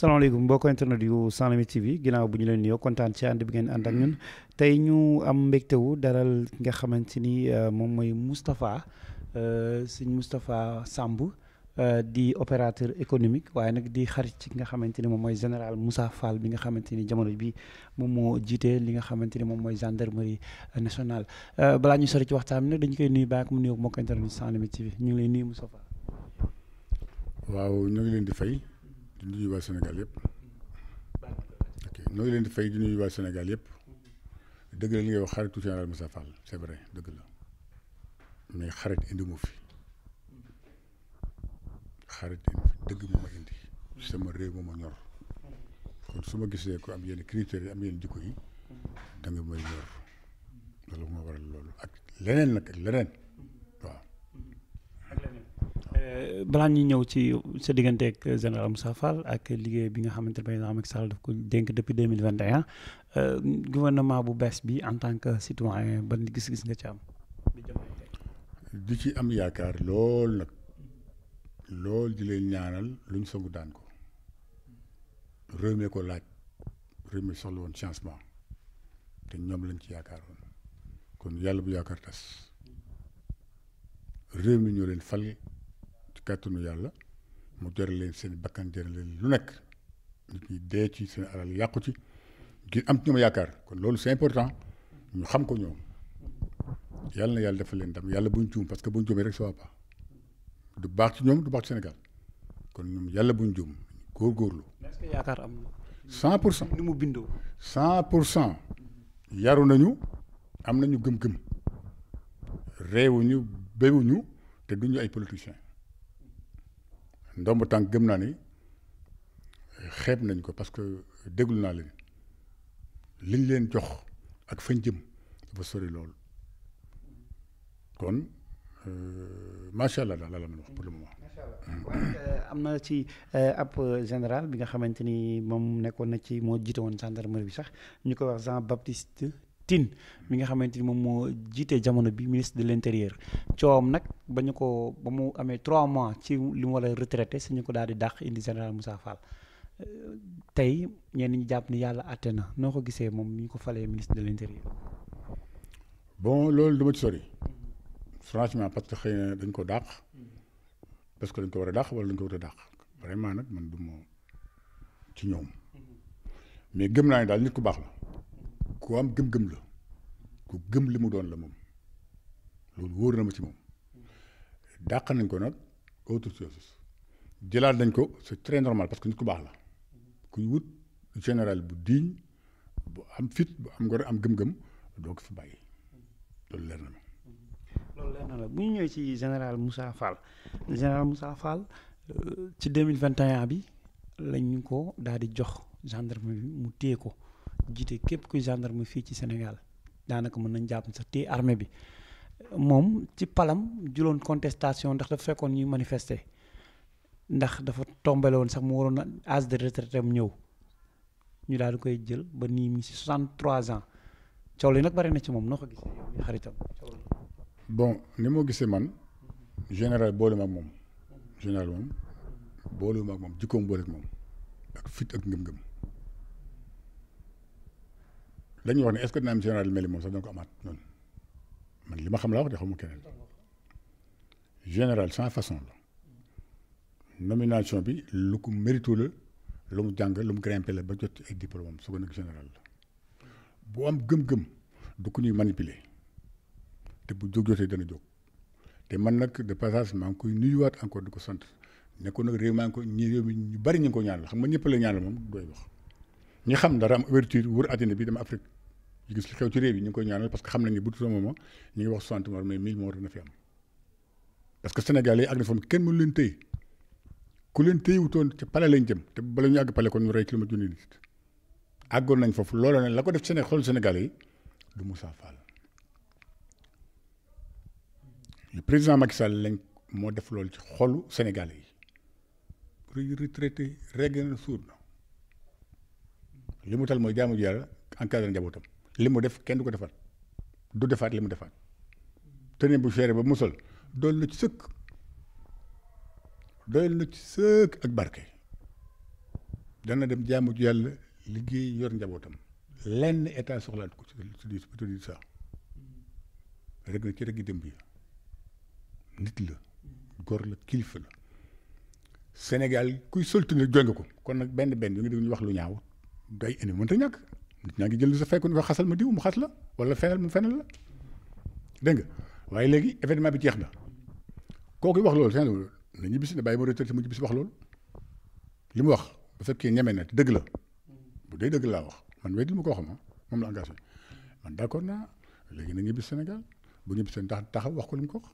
salaamaaleykum mbokk internet yu Sans Limites TV ginnaaw bu ñu leen nuyoo kontaan ci ànd bi ngeen ànd ak ñun tey ñu am mbégte wu dalal nga xamante ni euh, moom mooy Moustapha euh, sëñ Moustapha Samb euh, di opérateur économique waaye nag di xarit ci ki nga xamante ni moom mooy général mussa Fall bi nga xamante ni jamono bi moom moo jiite li nga xamante ni moom mooy gendarmerie nationale balaa ñu sori ci waxtaan bi nag dañu koy nuyu baax mu nuyoog mbokk internet yu Sans Limites TV ñu leen di fay. di nuyu waa Sénégal yëpp ok ngi leen di fay di nuyu waa Sénégal yëpp dëgg la li ngay wax xaritu général Moussa Fall c'est vrai dëgg la mais xarit indi mu fi xarit dëgg moo ma indi sama réew moo ma ñor kon su ma gisee ko am yenn critères yi am yenn jikko yi da nga ñor loolu moo waral loolu ak leneen nag leneen. balaa ñuy ñëw ci sa digganteeg général Moussa Fall ak liggéey bi nga xamante ne président Macky Sall daf ko dénk depuis deux mille vingt et un euh, bu bees bi en tant que citoyen ban gis-gis nga ci am. di ci am yaakaar lool nag lool di leen ñaanal luñ songu daan ko réew mi ko laaj réew mi soxla woon changement te ñoom lañ ci yaakaaroon kon yàlla bu yaakaar tas réew mi ñoo leen fal ci kàttanu yàlla mu jor leen seen bakkan jëral leen lu nekk nit ñi dee ci seen alal yàqu ci gi am ci ñoom yaakaar kon loolu c'est important ñu xam ko ñoom yàlla na yàlla defal leen ndam yàlla buñ juum parce que bu buñ juumee rek ça va pas du baax ci ñoom du baax ci Sénégal kon ñoom yàlla buñ juum góorgóorlu. est-ce yaakaar am na. cent pour cent ni mu bindoo. cent pour cent yaru nañu am ñu gëm-gëm réewuñu béyuñu te duñu ay politiciens. ndomb tànk gëm naa ni xeeb nañ ko parce que déglu naa leen liñ leen jox ak fañ jëm dafa sori loolu kon euh, macha allah daal la mën wax pour le moment. Euh, am na ci euh, app général bi nga xamante ni moom nekkoon na ci moo jiite woon gendarmerie bi sax ñu ko wax Jean Baptiste. Tine mi nga xamante ni moom moo jiitee jamono bi ministre de l'intérieur coowam nag ba ñu ko ba mu amee trois mois ci li mu war a retraité suñu ko daal di dàq indi général Moussa Fall euh, tey ñenn ñi jàpp ni yàlla àtte na noo ko gisee moom ñu ko falee ministre de l'intérieur. bon loolu du ma ci sori franchement parce que xëy na dañ ko dàq parce que dañ ko war a dàq wala dañ ko war a dàq vraiment nag man du ma ci ñoom mm-hmm. mais gëm naa ne daal nit ku baax la. ku am gëm-gëm la ku gëm li mu doon la moom loolu wóor na ma ci moom dàq nañ ko nag autre chose nañ ko c'est très normal parce que nit ku baax la kuy wut général bu digne bu am fit bu am ngor am gëm-gëm doo ko fi bàyyi loolu leer ma. loolu leer la bu ñu ñëwee ci général Moussa Fall général Moussa Fall euh, ci deux mille vingt et un bi lañ ko daal di jox gendarmerie mu téye ko. jiite képp kuy gendarme fii ci Sénégal daanaka mën nañ jàpp sax téye armée bi moom ci palam juloon contestation ndax dafa fekkoon ñuy manifester ndax dafa tombale sax mu waroon a âge de retraite am ñëw ñu daal di koy jël ba nii mi si trois ans coow li nag bari na ci moom noo ko gisee xaritam bon ni moo gisee man général boolema ak moom général moom boolema ak moom jikkoom boole ak moom ak fit ak ngëm-ngëm. dañuy wax ne est ce que dina am général yu mel moom sax li ma xam laa wax de xamuma keneen général sans façon la nomination bi lu ko mérito la lu mu jàng lu mu grimpé la ba jot ci ay diplôme am ko nekk général la bu am gëm-gëm du ku ñuy manipuler te bu jóg jotee dana jóg te man nag de passage maa ngi koy nuyuwaat encore di ko sant ne ko nag réew maa ngi ko ñu bari ñu ko ñaanal xam nga ñëpp la ñaanal moom koy wax ñi xam dara am ouverture wër àddina bi dem Afrique ñu gis li xew ci réew yi ñu ngi koy ñaanal parce que xam nañ ne bu tout moment ñu ngi wax 60 morts mais 1000 morts dina fi am parce que Sénégalais ak na fam kenn mënu leen téye ku leen téye wutoon ci pale lañ jëm te bala ñu àgg pale kon ñu rey kilomètre junni nit àggoon nañ foofu loolu nag la ko def Sénégal xool Sénégalais yi du Moussa Fall le président Macky Sall lañ moo def loolu ci xolu Sénégalais yi retraité régg na suur na li mu tal mooy jaamu ji yàlla encadré njabootam li mu def kenn du ko defal du defaat li mu defaat tene bu feere ba musal dool na ci sëkk dool na ci sëkk ak barke dana dem jaamu ju yàlla liggéey yor njabootam lenn état soxlaat ko ci sax rek na ci rek dem bi nit la góor la kilifa la Sénégal kuy soltu ne ko kon nag benn benn yu ngi dégg ñu wax lu ñaaw day indi mënta ñàkk nit ñaa ngi jël sa fekk nga xasal ma diw mu xas la wala fenal mu fenal la dégg nga waaye léegi événement bi jeex na kooku wax loolu seen na ñu bis na bàyyi ma retraité mu ñu wax loolu li mu wax bu fekkee ñeme na dëgg la bu dee dëgg laa wax man weddi ma ko xam moom la engagé man d'accord naa léegi na ñibbi Sénégal bu ñibbi seen tax taxaw wax ko lu mu ko wax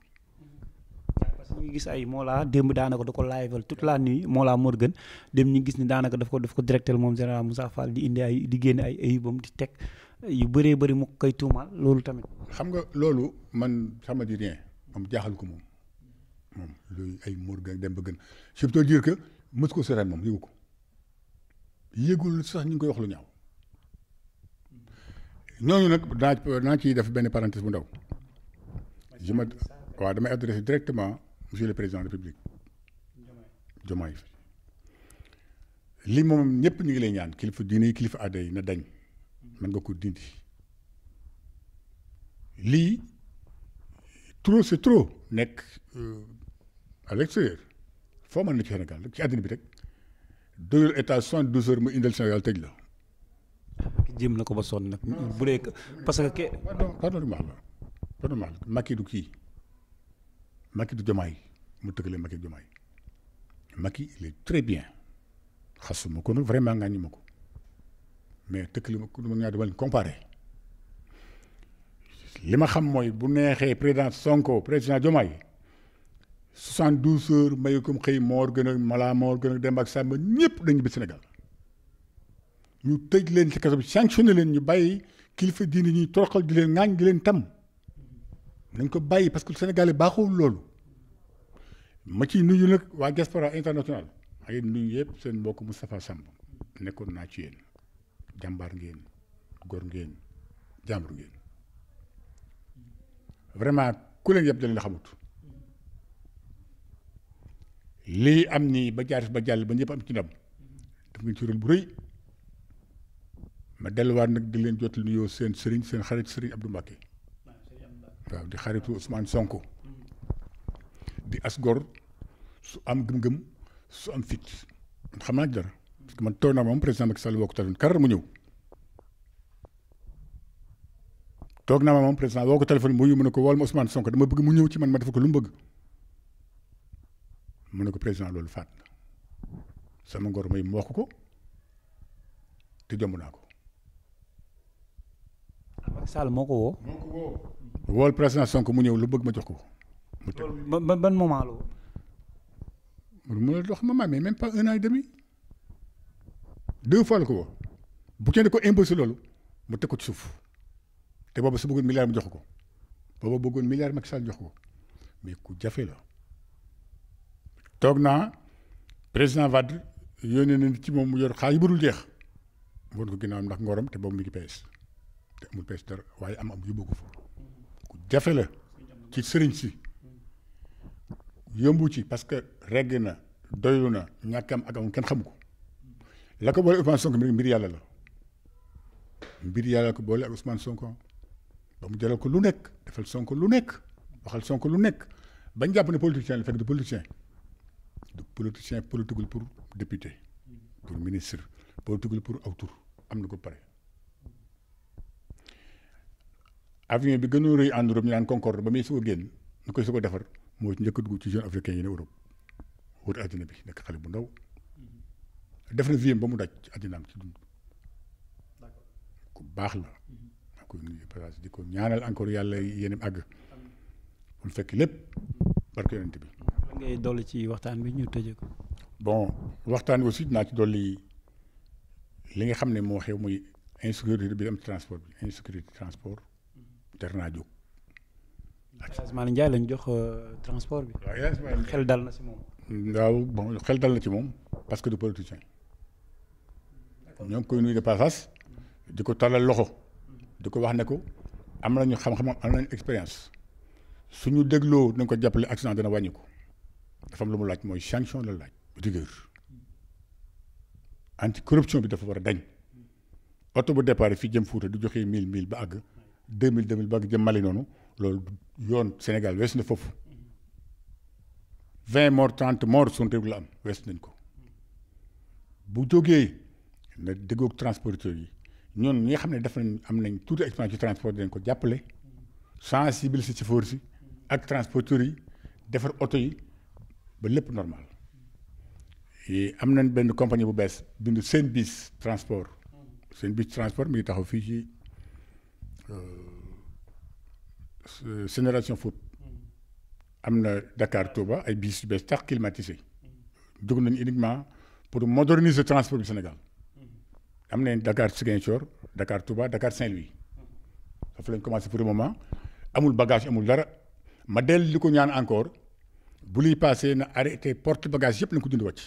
parce que ñu gis ay Mollah démb daanaka da ko live toute la nuit Mollah Morgun dem ñu gis ni daanaka daf ko daf ko directel moom général musa Fall di indi ay di génne ay ay ayibam di teg yu bëree bëri mu koy tuumaal loolu tamit. xam nga loolu man sama di rien moom jaaxal ko moom moom luy ay Morgun dem ba gën surtout dire que mës ko seetaan moom yëgu ko yëgul sax ñu ngi koy wax lu ñaaw ñooñu nag naa naa ciy def benn parenthèse bu ndaw. je me waaw damay adressé directement monsieur le président de la république Diomaye li moom ñëpp ñu ngi lay ñaan kilifa diine kilifa aada yi na dañ mën nga ko dindi lii trop c'est trop nekk à foo mën na ci Sénégal rek ci àddina bi rek doyul état soixante douze heures mu Sénégal tëj la. jéem na ko ba son nag. bu dee parce que. pardon pardon ma la pardon ma la Macky du kii. Macky du Diomaye mu tëkkale Macky Diomaye Macky il est très bien xasuma ko nag vraiment ngaañu ma ko mais tëkkale ma ko du ma ñaar dama comparé li ma xam mooy bu neexee président Sonko président Diomaye 72 heures mayu ko xëy moor gën a malaa moor gën a dem ak sàmm ñëpp dañu bi Sénégal ñu tëj leen ci kaso bi sanctionné leen ñu bàyyi kilifa diine ñuy toroxal di leen ŋaañ di leen tam nañ ko bàyyi parce que Sénégal yi baaxul loolu ma ciy nuyu nag waa diaspora international maa ngi nuyu yëpp seen mbokk Moustapha Samb nekkoon naa ci yéen jàmbaar ngeen góor ngeen jàmbur ngeen vraiment yëpp dañ la xamut lii am ni ba jaar ba jàll ba ñëpp am ci ndam def ngeen ci rôle bu rëy ma delluwaat nag di leen jot nuyoo seen sëriñ seen xarit sëriñ Abdou Mbacké waaw di xaritu Ousmane Sonko. di as gor su am gëm-gëm su am fit man xam naa dara parce que man toog naa moom président Macky Sall woo ko téléphone karar mu ñëw toog naa moom président woo ko téléphone mu ñëw mu ne ko wol ma Ousmane Sonko dama bëgg mu ñëw ci man ma def ko lu mu bëgg mu ne ko président loolu faat sama ngor mooy mu ko te jomb naa ko. Macky Sall moo wool président Sonko mu ñëw lu bëgg ma jox ko. mu tëj ba ban moment la woon. mu ne dox ma mais même pas un an et demi deux fois ko woo bu kenn ko imposé loolu mu teg ko ci suuf te boobu su bëggoon milliard mu jox ko boobu bëggoon milliard Macky Sall jox ko mais jafe la toog naa président Wade yónnee nañu ci moom mu yor xaalis bu jeex mu ko ginnaaw ndax te boobu mu ngi te amul PS dara am am ku jafe la ci sëriñ si. yëmbu ci parce que regg na doylu na ñàkkam ak amul kenn xamu ko la ko boole Ousmane Sonko mbir yàlla la mbir yàlla ko boole ak Ousmane Sonko ba mu jaral ko lu nekk defal Sonko lu nekk waxal Sonko lu nekk bañ jàpp ne politicien la fekk du politicien du politicien politigul pour député pour ministre politigul pour aw tur am na ko pare avion bi gën a rëy en Europe ñu naan Concorde ba muy su ko génn ñu koy su ko defar moo njëkk a dugg ci jeune africain yi ne Europe wër àddina bi nekk xale bu ndaw mm-hmm. def na ba mu daj ci àddinaam ci dund ku baax la mm-hmm. maa koy nuyu parce di ko ñaanal encore yàlla yéen àgg bu fekk lépp barke yonent bi. ngay dolli ci waxtaan bi ñu tëjee ko. bon waxtaan bi aussi dinaa ci dolli li nga xam ne moo xew muy insécurité bi am transport bi insécurité transport. jar mm-hmm. naa jóg. ak El lañ jox euh, transport bi. waaw xel dal na si moom. waaw xel dal na ci moom parce que du politicien ñoo ngi koy nuyu di ko tallal loxo di ko wax ne ko am nañu xam am nañu expérience suñu dégloo dinañ ko jàppale accident dana wàññi ko dafa am lu mu laaj mooy sanction la laaj rigueur anti corruption bi dafa war a dañ oto bu départ fi jëm Fuuta du joxee mil mille ba àgg deux mille deux mille ba àgg jëm Mali noonu loolu yoon Sénégal wees na foofu vingt morts trente morts suñu réew la am wees nañ ko bu jógee na déggoog transporteurs yi ñoon ñi nga xam ne def nañ am nañ tuuti expérience ci transport dañ ko jàppale sensibiliser ci chauffeur si ak transporteurs yi defar oto yi ba lépp normal am nañ benn compagnie bu bees bindu seen bis transport seen bis transport mi ngi taxaw fii ci euh, Euh, génération foot am na Dakar Touba ay bus yu bees tax climatisé dugg nañ uniquement pour moderniser transport du Sénégal am nañ Dakar Ziguinchor Dakar Touba Dakar Saint-Louis dafa lañ commencé pour le moment amul bagage amul dara ma dellu li ko ñaan encore bu luy passé na arrêté porte bagage yëpp nañ ko dund wàcc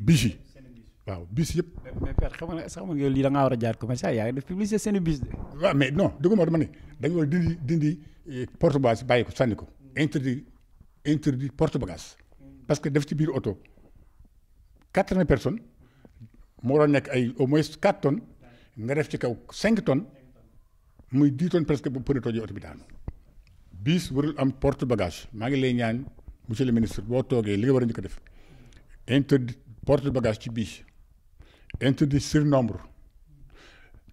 bus waaw bis yëpp. mais père xam nga xam nga lii da ngaa war a jaar commercial yaa ngi def publicité seen bis de. waaw mais non dëgg ma dama ne da nga war dindi dindi eh, porte bagage bàyyi ko sànni ko. interdit interdit porte bagage. parce que def ci biir oto quatre-vingts personnes moo doon nekk ay au moins quatre tonnes nga def ci kaw cinq tonnes muy dix tonnes presque bu pneu tojee oto bi daanu. bis warul am porte bagage maa ngi lay ñaan monsieur le ministre boo toogee li nga war a ñu ko def interdit porte bagage ci bis. interdit surnombre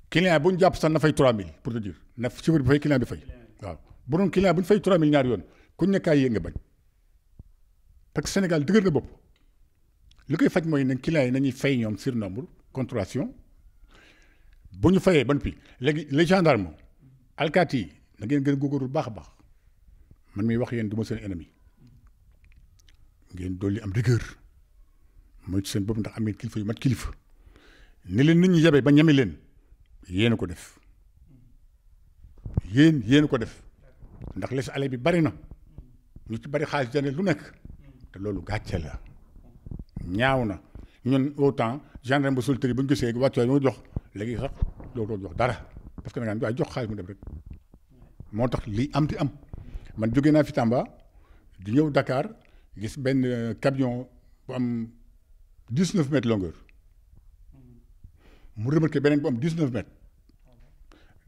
client bu ñu jàpp sax na fay 3000 pour te dire na chiffre bi fay client bi fay waaw bu doon client bu ñu fay 3000 ñaar yoon ku ne kaay nga bañ parce que Sénégal dëgër na bopp li koy faj mooy ne client yi nañuy fay ñoom surnombre contravention bu ñu fayee ban pi léegi les gendarmes alkaati yi na ngeen gën a baax a baax man miy wax yéen du ma seen ennemi ngeen dolli am rigueur mooy ci seen bopp ndax am ngeen kilifa yu mat kilifa. ni leen nit ñi yabe ba ñame leen yéen ko def yéen yéen ko def ndax les ale bi bari na ñu ci bari xaalis jane lu nekk te loolu gàcce la ñaaw na ñun autant gendarme ba solitari bu ñu gisee wàccuwaay bi mu jox léegi sax dootoo jox dara parce que da ngaa waaye jox xaalis mu dem rek moo tax lii am ti am man jóge naa fi Tamba di ñëw Dakar gis benn camion bu am dix-neuf longueur mu remarqué beneen bu am 19 mètres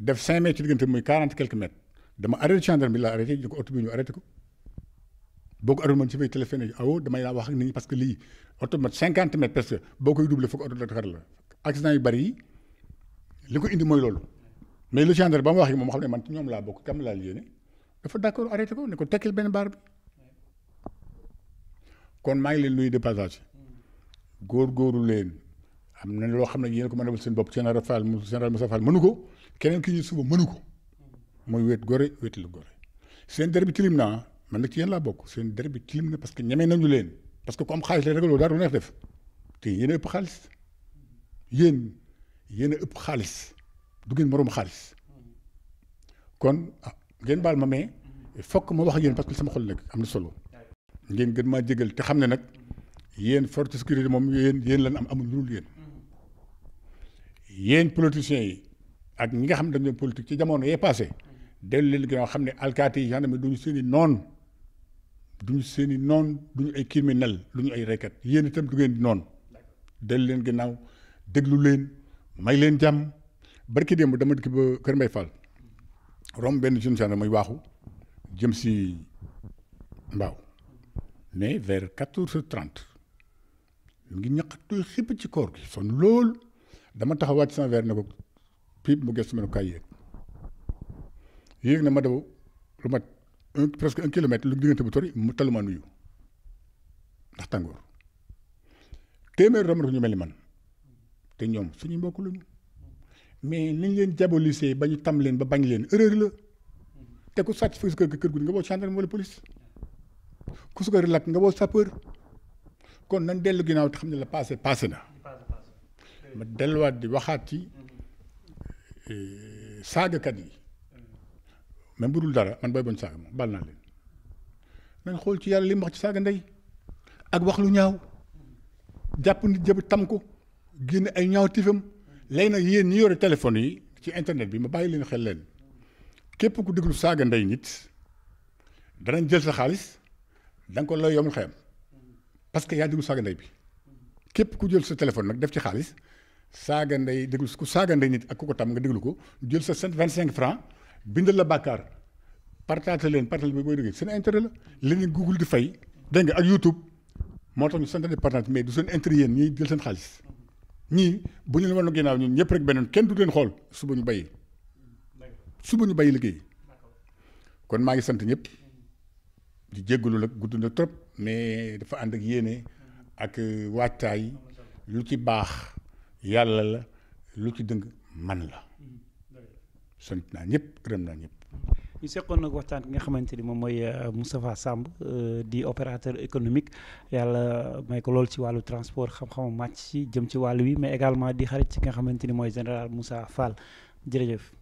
def 5 mètres ci diggante muy 40 quelques mètres dama arrêté gendarme bi laa arrêté ñu ko oto bi ñu arrêté ko boo ko arrêté ci may téléphone yi awo damay laa wax ak nit ñi parce que lii oto bi mat 50 mètres parce que boo koy doublé foog oto Dakar la accident yu bari yi li ko indi mooy loolu mais le gendarme ba mu wax yi moom xam ne man ñoom laa bokk kam laa yéene dafa d'accord arrêté ne ko tekkil benn baar bi kon maa ngi leen nuyu de passage góor-góorlu am na loo xam ne yéen ko mën a seen bopp général Fall général Moussa Fall mënu ko keneen ki ñu suba mënu ko mooy wet gore wet lu gore seen der bi tilim naa man nag ci yéen laa bokk seen der bi tilim na parce que ñeme nañu leen parce que ku am xaalis la rek loolu daal du neex def te yéen a ëpp xaalis yéen yéen a ëpp xaalis du ngeen moroom xaalis kon ah ngeen baal ma mais fokk ma wax ak yéen parce que sama xol nag am na solo ngeen gën maa jégal te xam ne nag yéen forte sécurité moom yéen yéen lan am amul lu dul yéen. yéen politiciens yi ak ñi nga xam ne dañoo politique ci jamono yee passé dellu leen ginnaaw xam ne alkaati yi gendarme du ñu i noon du seen i noon ñu ay criminel duñu ay reykat yéen itam du ngeen di noon dellu leen ginnaaw déglu leen may leen jàmm barki démb dama dikk ba Kër Mbay Fall romb benn jeune gendarme muy waaxu jëm si mbaaw mais vers quatorze heures trente mu ngi ñaq tuy xipp ci koor gi son lool dama taxaw wàcc sama verre ne ko pipe mu ges ma ne ko kaay yéeg na ma daw lu mat presque un kilomètre lu diggante bu tori mu taluma nuyu ndax tàngoor téeméer romb ñu mel ni man te ñoom suñu mbokk luñu mais niñ leen diabolisé ba ñu tam leen ba bañ leen erreur la te ku sàcc fii kër kër gu nga woo gendarme wala police ku su ko relax nga woo sapeur kon nañ dellu ginnaaw te xam ne la passé passé na. ma delluwaat di waxaat ci euh, saagakat yi même bu dul dara man booy bañ saaga moom bal naa leen nañ xool ci yàlla li mu wax ci saaga ndey ak wax lu ñaaw jàpp nit jëb tam ko génn ay ñaaw tifam léegi nag yéen ñi yore téléphone yi ci internet bi ma bàyyi leen xel leen képp ku déglu saaga ndey nit danañ jël sa xaalis da nga ko lay yomul xeyam parce que yaa déglu saaga ndey bi képp ku jël sa téléphone nag def ci xaalis saaga ndey déglu ku saaga ndey nit ak ku ko tam nga déglu ko jël sa cent vingt cinq franc bindal la bàkkaar partage leen partage bi booy déggee seen intérêt la li Google di fay dégg nga ak YouTube moo tax ñu sant di partage mais du seen intérêt yéen ñuy jël seen xaalis ñii bu ñu leen wan ginnaaw ñun ñëpp rek beneen kenn du leen xool suba ñu bàyyi suba ñu bàyyi liggéey kon maa ngi sant ñëpp di lu nag gudd na trop mais dafa ànd ak yéene ak waajtaay lu ci baax. yàlla la lu ci dëng man la sant naa ñëpp gërëm naa ñëpp. seqoon nag waxtaan ki nga xamante ni moom mooy euh, Moustapha Samb euh, di opérateur économique yàlla may ko lool ci wàllu transport xam-xamu màcc ci jëm ci wàll wi mais également di xarit ci nga xamante ni mooy général Moussa Fall jërëjëf.